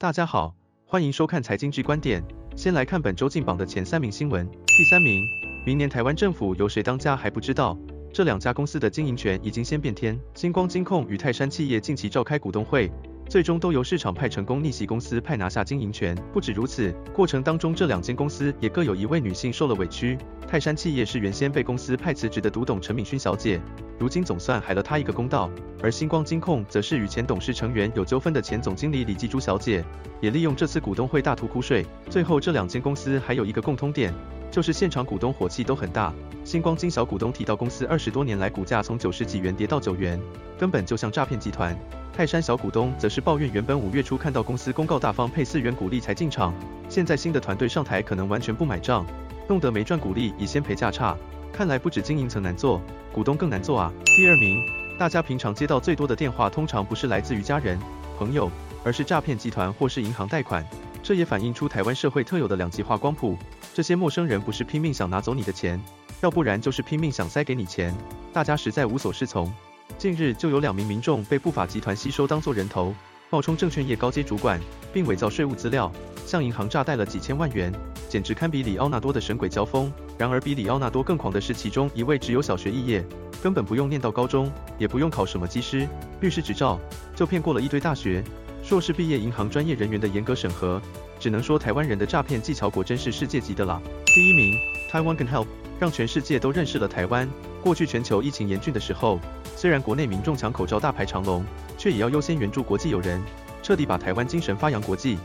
大家好，歡迎收看財經 Ｇ 觀點。先來看本周進榜的前三名新聞。第三名，明年台灣政府由誰當家還不知道，這兩家公司的經營權已經先變天。新光金控與泰山企業近期召開股東會。最終都由市場派成功逆襲，公司派拿下經營權。不止如此，過程當中這兩間公司也各有一位女性受了委屈。泰山企業是原先被公司派辭職的獨董陳敏薰小姐，如今總算還了她一個公道；而新光金控則是與前董事成員有糾紛的前總經理李紀珠小姐，也利用這次股東會大吐苦水。最後，這兩間公司還有一個共通點。就是現場股東火氣都很大，新光金小股東提到公司二十多年來股價從九十幾元跌到九元，根本就像詐騙集團。泰山小股東則是抱怨，原本五月初看到公司公告大方配四元股利才進場，現在新的團隊上台可能完全不買賬弄得沒賺股利，已先賠價差。看來不只經營層難做，股東更難做啊。第二名，大家平常接到最多的電話，通常不是來自於家人、朋友，而是詐騙集團或是銀行貸款。這也反映出台灣社會特有的兩極化光譜。這些陌生人不是拼命想拿走你的錢，要不然就是拼命想塞給你錢，大家實在無所適從。近日就有兩名民眾被不法集團吸收當做人頭，冒充證券業高階主管，並偽造稅務資料，向銀行詐貸了幾千萬元，簡直堪比李奧納多的神鬼交鋒。然而比李奧納多更狂的是，其中一位只有小學畢業，根本不用念到高中，也不用考什麼技師、律師執照，就騙過了一堆大學碩士畢業，銀行專業人員的嚴格審核，只能說台灣人的詐騙技巧果真是世界級的了。第一名，Taiwan can help，讓全世界都認識了台灣。過去全球疫情嚴峻的時候，雖然國內民眾搶口罩大排長龍，卻也要優先援助國際友人，徹底把台灣精神發揚國際。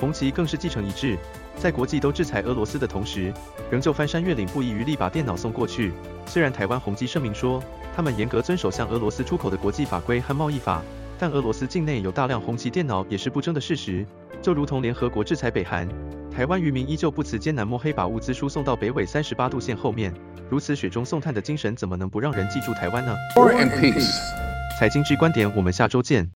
宏碁更是繼承一致，在國際都制裁俄羅斯的同時，仍舊翻山越嶺不遺餘力把電腦送過去。雖然台灣宏碁聲明說，他們嚴格遵守向俄羅斯出口的國際法規和貿易法。但俄羅斯境內有大量宏碁電腦也是不爭的事實。就如同聯合國制裁北韓，台灣漁民依舊不辭艱難摸黑把物資輸送到北緯三十八度線後面，如此雪中送炭的精神怎麼能不讓人記住台灣呢？財經 Ｇ 觀點，我們下週見。